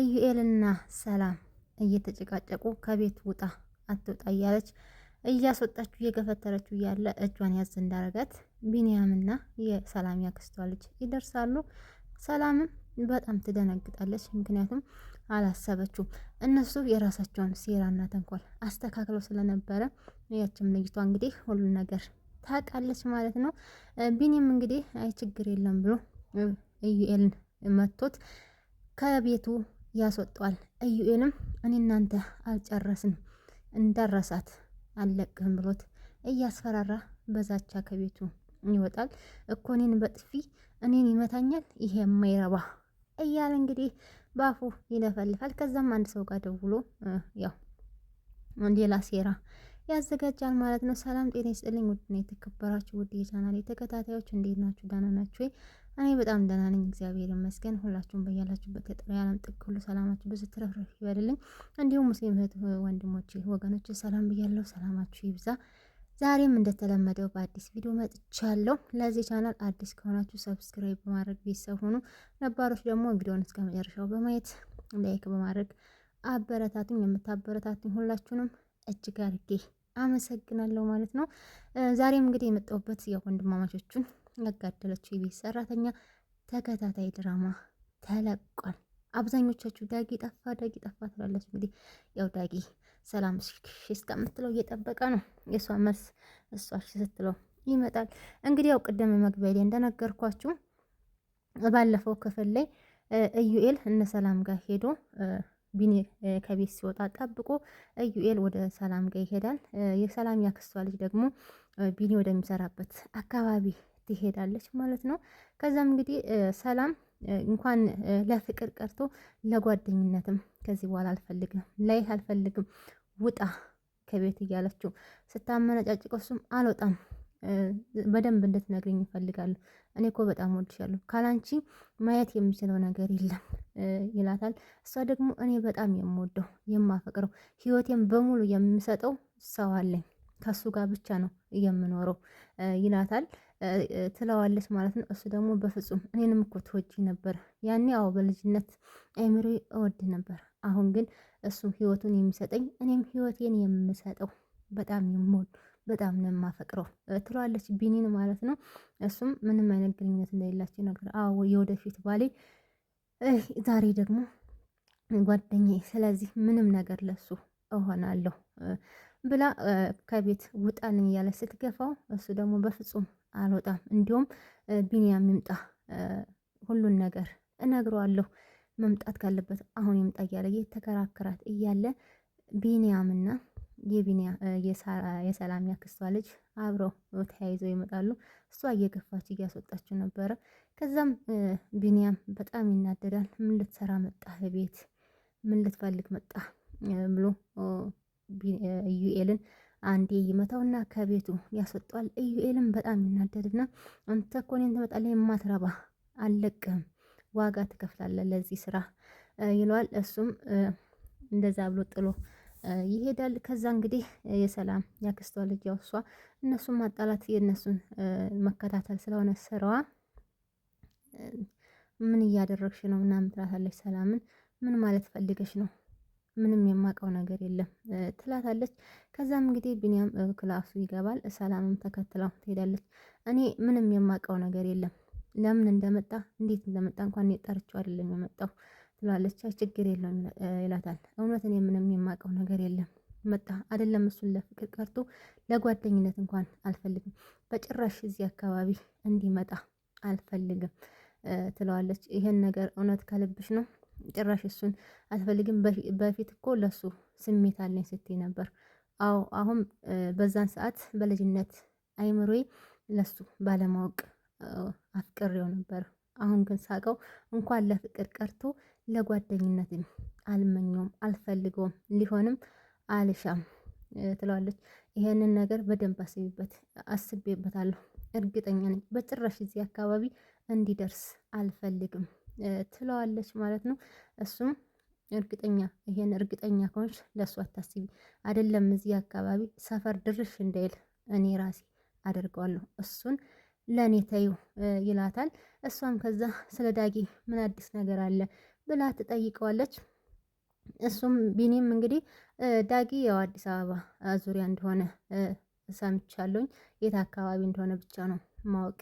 እዩኤልና ሰላም እየተጨቃጨቁ ከቤት ውጣ አትውጣ እያለች እያስወጣችሁ እየገፈተረችው እያለ እጇን ያዝ እንዳረጋት ቢንያምና የሰላም ያክስቷ ልጅ ይደርሳሉ። ሰላምም በጣም ትደነግጣለች። ምክንያቱም አላሰበችው እነሱ የራሳቸውን ሴራና ተንኮል አስተካክለው ስለነበረ ያችም ልጅቷ እንግዲህ ሁሉን ነገር ታውቃለች ማለት ነው። ቢኒም እንግዲህ አይ ችግር የለም ብሎ እዩኤልን መቶት ከቤቱ ያስወጣዋል። እዩኤልም እኔ እናንተ አልጨረስን እንደረሳት አልለቅህም ብሎት እያስፈራራ በዛቻ ከቤቱ ይወጣል። እኮ እኔን በጥፊ እኔን ይመታኛል ይሄ የማይረባ እያለ እንግዲህ በአፉ ይለፈልፋል። ከዛም አንድ ሰው ጋር ደውሎ ያው ሌላ ሴራ ያዘጋጃል ማለት ነው። ሰላም ጤና ይስጥልኝ። ውድና የተከበራችሁ ውድ የቻናል የተከታታዮች እንዴት ናችሁ? ደህና ናችሁ? እኔ በጣም ደህና ነኝ፣ እግዚአብሔር ይመስገን። ሁላችሁም በያላችሁበት የጥሪ ዓለም ጥግ ሁሉ ሰላማችሁ ብዙ ትረፍረፍ ይበልልኝ። እንዲሁም ሙስሊም እህት ወንድሞቼ፣ ወገኖቼ ሰላም ብያለሁ፣ ሰላማችሁ ይብዛ። ዛሬም እንደተለመደው በአዲስ ቪዲዮ መጥቻለሁ። ለዚህ ቻናል አዲስ ከሆናችሁ ሰብስክራይብ በማድረግ ቤተሰብ ሆኑ፣ ነባሮች ደግሞ ቪዲዮውን እስከ መጨረሻው በማየት ላይክ በማድረግ አበረታቱኝ። የምታበረታቱኝ ሁላችሁንም እጅግ አድርጌ አመሰግናለሁ ማለት ነው። ዛሬም እንግዲህ የመጣሁበት የወንድማማቾቹን ያጋደለችው የቤት ሰራተኛ ተከታታይ ድራማ ተለቋል። አብዛኞቻችሁ ዳጊ ጠፋ ዳጊ ጠፋ ትላለች። እንግዲህ ያው ዳጊ ሰላም እሺ እስከምትለው እየጠበቀ ነው። የእሷ መልስ እሷ እሺ ስትለው ይመጣል። እንግዲህ ያው ቅድም መግቢያ ላይ እንደነገርኳችሁ ባለፈው ክፍል ላይ ኢዩኤል እነ ሰላም ጋር ሄዶ ቢኒ ከቤት ሲወጣ ጠብቆ እዩኤል ወደ ሰላም ጋ ይሄዳል። የሰላም ያክስቷ ልጅ ደግሞ ቢኒ ወደሚሰራበት አካባቢ ትሄዳለች ማለት ነው። ከዛም እንግዲህ ሰላም እንኳን ለፍቅር ቀርቶ ለጓደኝነትም ከዚህ በኋላ አልፈልግም፣ ላይህ አልፈልግም፣ ውጣ ከቤት እያለችው ስታመነጫጭቀው እሱም አልወጣም በደንብ እንድትነግሪኝ ይፈልጋሉ። እኔ እኮ በጣም ወድሻለሁ፣ ካላንቺ ማየት የምችለው ነገር የለም ይላታል። እሷ ደግሞ እኔ በጣም የምወደው የማፈቅረው ህይወቴን በሙሉ የምሰጠው ሰው አለኝ ጋር ብቻ ነው የምኖረው ይላታል። ትለዋለች ማለት ነው። እሱ ደግሞ በፍጹም እኔንም እኮ ትወጅ ነበር ያኔ አዎ በልጅነት አይምሮ እወድ ነበር። አሁን ግን እሱ ህይወቱን የሚሰጠኝ እኔም ህይወቴን የምሰጠው በጣም የምወድ በጣም ነው የማፈቅረው ትለዋለች ቢኒን ማለት ነው። እሱም ምንም አይነት ግንኙነት እንደሌላቸው ነገር አዎ የወደፊት ባሌ ዛሬ ደግሞ ጓደኛዬ፣ ስለዚህ ምንም ነገር ለሱ እሆናለሁ ብላ ከቤት ውጣን እያለ ስትገፋው እሱ ደግሞ በፍጹም አልወጣም፣ እንዲሁም ቢኒያም ይምጣ ሁሉን ነገር እነግረዋለሁ መምጣት ካለበት አሁን ይምጣ እያለ እየተከራከራት እያለ ቢኒያምና የቢኒያ የሰላም ያክስቷ ልጅ አብረው ተያይዘው ይመጣሉ። እሷ እየገፋች እያስወጣችው ነበረ። ከዛም ቢኒያም በጣም ይናደዳል። ምን ልትሰራ መጣ ቤት ምን ልትፈልግ መጣ ብሎ ኢዩኤልን አንዴ ይመታውና ከቤቱ ያስወጣዋል። ኢዩኤልን በጣም ይናደድና አንተ እኮ እኔን ትመጣለህ የማትረባ አለቅም፣ ዋጋ ትከፍላለህ ለዚህ ስራ ይለዋል። እሱም እንደዛ ብሎ ጥሎ ይሄዳል። ከዛ እንግዲህ የሰላም ያክስቷ ልጅ ያው እሷ እነሱን ማጣላት የእነሱን መከታተል ስለሆነ ስራዋ ምን እያደረግሽ ነው ምናምን ትላታለች። ሰላምን ምን ማለት ፈልገሽ ነው? ምንም የማውቀው ነገር የለም ትላታለች። ከዛም እንግዲህ ቢኒያም ክላሱ ይገባል። ሰላምም ተከትለው ትሄዳለች። እኔ ምንም የማውቀው ነገር የለም ለምን እንደመጣ እንዴት እንደመጣ እንኳን እኔ ጠርቼው አይደለም የመጣው ትላለች። ችግር የለውም ይላታል። እውነት እኔ ምንም የማውቀው ነገር የለም መጣ አይደለም እሱን ለፍቅር ቀርቶ ለጓደኝነት እንኳን አልፈልግም። በጭራሽ እዚህ አካባቢ እንዲመጣ አልፈልግም ትለዋለች። ይሄን ነገር እውነት ከልብሽ ነው? ጭራሽ እሱን አልፈልግም። በፊት እኮ ለሱ ስሜት አለኝ ስትይ ነበር። አዎ አሁን በዛን ሰዓት በልጅነት አይምሮዬ ለሱ ባለማወቅ አፍቅሬው ነበር አሁን ግን ሳቀው እንኳን ለፍቅር ቀርቶ ለጓደኝነትም አልመኘውም፣ አልፈልገውም፣ ሊሆንም አልሻም ትለዋለች። ይሄንን ነገር በደንብ አስቢበት፣ አስቤበታለሁ እርግጠኛ ነኝ። በጭራሽ እዚህ አካባቢ እንዲደርስ አልፈልግም ትለዋለች ማለት ነው። እሱም እርግጠኛ ይሄን እርግጠኛ ከሆንሽ ለእሱ አታስቢ፣ አይደለም እዚህ አካባቢ ሰፈር ድርሽ እንዳይል እኔ ራሴ አደርገዋለሁ፣ እሱን ለእኔ ተይው ይላታል። እሷም ከዛ ስለ ዳጊ ምን አዲስ ነገር አለ ብላ ትጠይቀዋለች። እሱም ቢኒም እንግዲህ ዳጊ ያው አዲስ አበባ ዙሪያ እንደሆነ ሰምቻለሁኝ የት አካባቢ እንደሆነ ብቻ ነው ማወቅ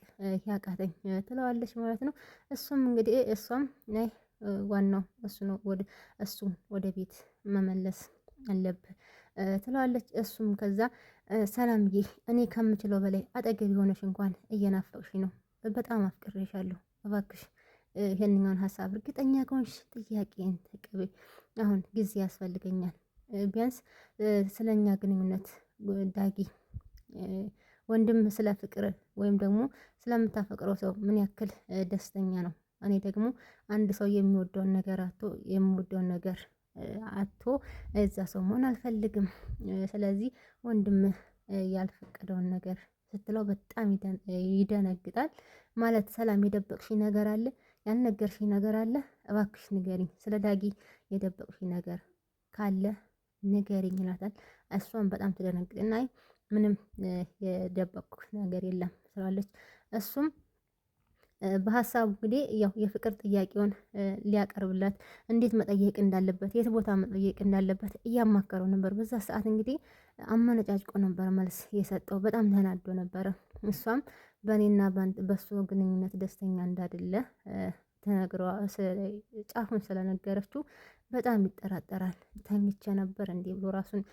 ያቃተኝ ትለዋለች ማለት ነው። እሱም እንግዲህ እሷም ናይ ዋናው እሱ ነው ወደ እሱ ወደ ቤት መመለስ አለብህ ትለዋለች። እሱም ከዛ ሰላምዬ፣ እኔ ከምችለው በላይ አጠገብ የሆነሽ እንኳን እየናፈቅሽ ነው በጣም አፍቅሬሻለሁ እባክሽ ይሄንኛውን ሀሳብ እርግጠኛ ከሆንሽ ጥያቄን ተቀበይ። አሁን ጊዜ ያስፈልገኛል። ቢያንስ ስለኛ ግንኙነት ዳጊ ወንድም ስለ ፍቅር ወይም ደግሞ ስለምታፈቅረው ሰው ምን ያክል ደስተኛ ነው? እኔ ደግሞ አንድ ሰው የሚወደውን ነገር አቶ የሚወደውን ነገር አቶ እዛ ሰው መሆን አልፈልግም። ስለዚህ ወንድም ያልፈቀደውን ነገር ስትለው በጣም ይደነግጣል። ማለት ሰላም የደበቅሽኝ ነገር አለ ያልነገርሽኝ ነገር አለ እባክሽ ንገሪኝ፣ ስለ ዳጊ የደበቅሽኝ ነገር ካለ ንገሪኝ ይላታል። እሷን በጣም ትደነግጥና አይ ምንም የደበቅኩሽ ነገር የለም ትላለች። እሱም በሀሳቡ እንግዲህ ያው የፍቅር ጥያቄውን ሊያቀርብላት እንዴት መጠየቅ እንዳለበት የት ቦታ መጠየቅ እንዳለበት እያማከረው ነበር። በዛ ሰዓት እንግዲህ አመነጫጭቆ ነበር መልስ የሰጠው። በጣም ተናዶ ነበረ። እሷም በእኔና በሱ ግንኙነት ደስተኛ እንዳደለ ጫፉን ስለነገረችው በጣም ይጠራጠራል። ተኝቼ ነበር እንዴ ብሎ ራሱን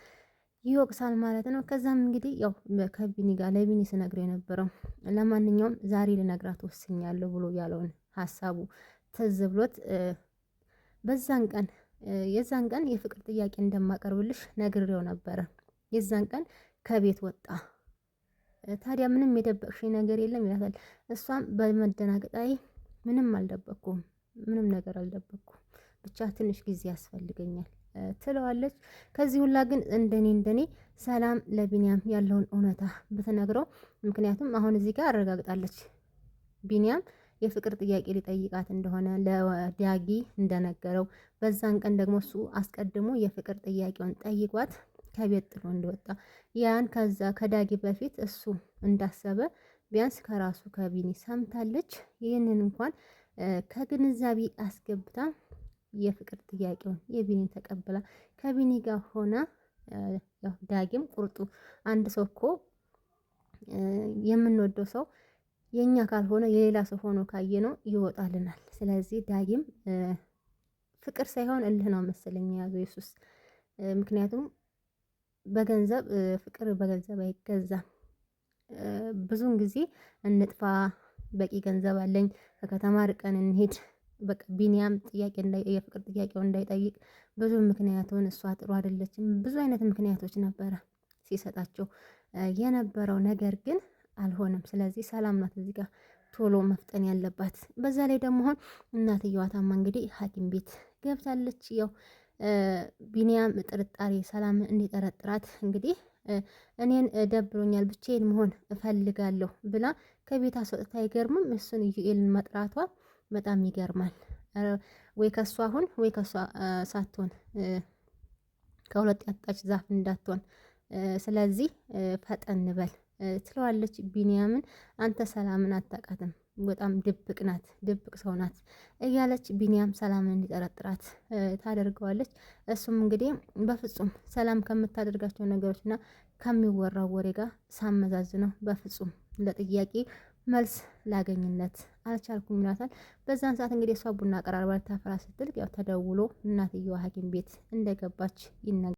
ይወቅሳል ማለት ነው። ከዛም እንግዲህ ያው ከቢኒ ጋር ለቢኒ ስነግረው የነበረው ለማንኛውም ዛሬ ልነግራት ወስኛለሁ ብሎ ያለውን ሀሳቡ ትዝ ብሎት በዛን ቀን የዛን ቀን የፍቅር ጥያቄ እንደማቀርብልሽ ነግሬው ነበረ። የዛን ቀን ከቤት ወጣ። ታዲያ ምንም የደበቅሽኝ ነገር የለም ይላታል። እሷም በመደናገጥ ላይ ምንም አልደበቅኩም፣ ምንም ነገር አልደበቅኩም፣ ብቻ ትንሽ ጊዜ ያስፈልገኛል ትለዋለች። ከዚህ ሁላ ግን እንደኔ እንደኔ ሰላም ለቢንያም ያለውን እውነታ ብትነግረው፣ ምክንያቱም አሁን እዚህ ጋር አረጋግጣለች ቢንያም የፍቅር ጥያቄ ሊጠይቃት እንደሆነ ለዳጊ እንደነገረው በዛን ቀን ደግሞ እሱ አስቀድሞ የፍቅር ጥያቄውን ጠይቋት ከቤት ጥሎ እንደወጣ ያን ከዛ ከዳጊ በፊት እሱ እንዳሰበ ቢያንስ ከራሱ ከቢኒ ሰምታለች። ይህንን እንኳን ከግንዛቤ አስገብታ የፍቅር ጥያቄውን የቢኒ ተቀብላ ከቢኒ ጋር ሆና ዳጊም ቁርጡ አንድ ሰው እኮ የምንወደው ሰው የእኛ ካልሆነ የሌላ ሰው ሆኖ ካየ ነው ይወጣልናል። ስለዚህ ዳጊም ፍቅር ሳይሆን እልህ ነው መሰለኝ የያዘው የሱስ ምክንያቱም በገንዘብ ፍቅር በገንዘብ አይገዛም። ብዙን ጊዜ እንጥፋ በቂ ገንዘብ አለኝ ከከተማ ርቀን እንሄድ በቃ ቢኒያም ጥያቄ የፍቅር ጥያቄው እንዳይጠይቅ ብዙ ምክንያቱን እሷ ጥሩ አይደለችም ብዙ አይነት ምክንያቶች ነበረ ሲሰጣቸው የነበረው ነገር ግን አልሆነም። ስለዚህ ሰላም ናት እዚህ ጋር ቶሎ መፍጠን ያለባት። በዛ ላይ ደግሞ አሁን እናትየዋ ታማ እንግዲህ ሐኪም ቤት ገብታለች ያው ቢንያም ጥርጣሬ ሰላም እንዲጠረጥራት እንግዲህ እኔን ደብሮኛል ብቻዬን መሆን እፈልጋለሁ ብላ ከቤት አስወጥታ አይገርምም። እሱን ኢዩኤልን መጥራቷ በጣም ይገርማል። ወይ ከሷ አሁን ወይ ከሷ ሳትሆን ከሁለት ያጣች ዛፍ እንዳትሆን። ስለዚህ ፈጠን በል ትለዋለች ቢንያምን። አንተ ሰላምን አታውቃትም በጣም ድብቅ ናት፣ ድብቅ ሰው ናት እያለች ቢኒያም ሰላምን እንዲጠረጥራት ታደርገዋለች። እሱም እንግዲህ በፍጹም ሰላም ከምታደርጋቸው ነገሮችና ከሚወራው ወሬ ጋር ሳመዛዝነው በፍጹም ለጥያቄ መልስ ላገኝነት አልቻልኩም ይላታል። በዛን ሰዓት እንግዲህ እሷ ቡና አቀራርባ ልታፈራ ስትል ያው ተደውሎ እናትየዋ ሐኪም ቤት እንደገባች ይነገ